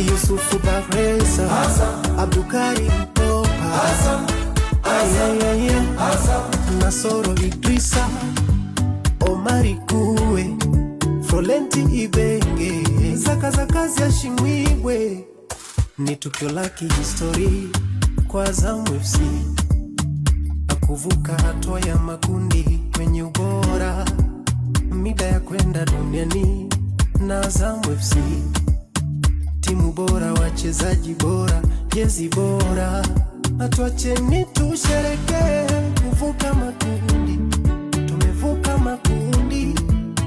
Yusufu Bahresa, Abdukari Mpopa, Nasoro Idrisa, Omari Kuwe, Florenti Ibenge, zakazakazi ya Shimwibwe. Ni tukio la kihistori kwa Azam FC kuvuka hatua ya makundi kwenye ubora, mida ya kwenda duniani na Azam FC mchezaji bora, jezi bora. Atuacheni tusherekee kuvuka makundi, tumevuka makundi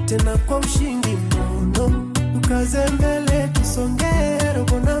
tena kwa ushindi mnono, tukaze mbele, tusongee robo na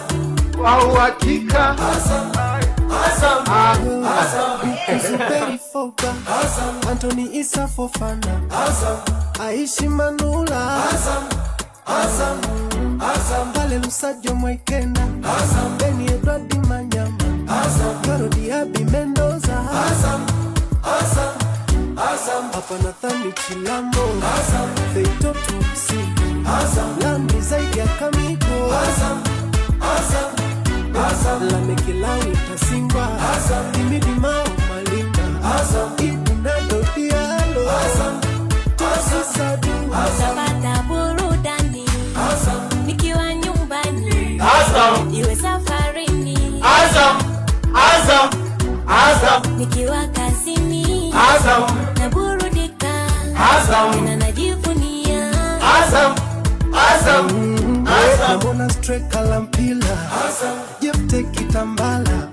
kwa uhakika Anthony Isa Fofana, Aishi Manula, pale Lusajo Mwekenda, Beni Edward Manyama, Dorothy Abi Mendoza, hapa Nathani Chilambo, Feitoto Msiki, Lambi zaidi ya Kamiko Lamekilawi Tasimba Imidi Mao Malika Ikuna Dodialo Tosisadu Tapata burudani nikiwa nyumbani iwe safarini nikiwa kazini na burudika na najivunia mm-hmm. Treka la mpila Jefte Kitambala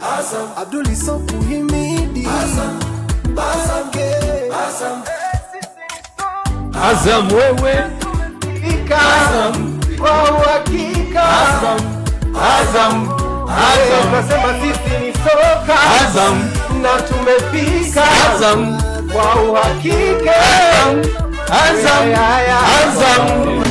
Abduli Sopu Himidi Basange Azam wewe Azam kwa uhakika Azam tunasema sisi ni soka Azam na tumefika Azam kwa uhakika Azam Azam